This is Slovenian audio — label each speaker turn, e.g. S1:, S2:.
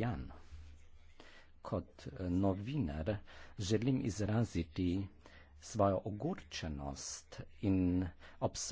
S1: kristijan. Kot eh, novinar želim izraziti svojo ogorčenost in obsodnost.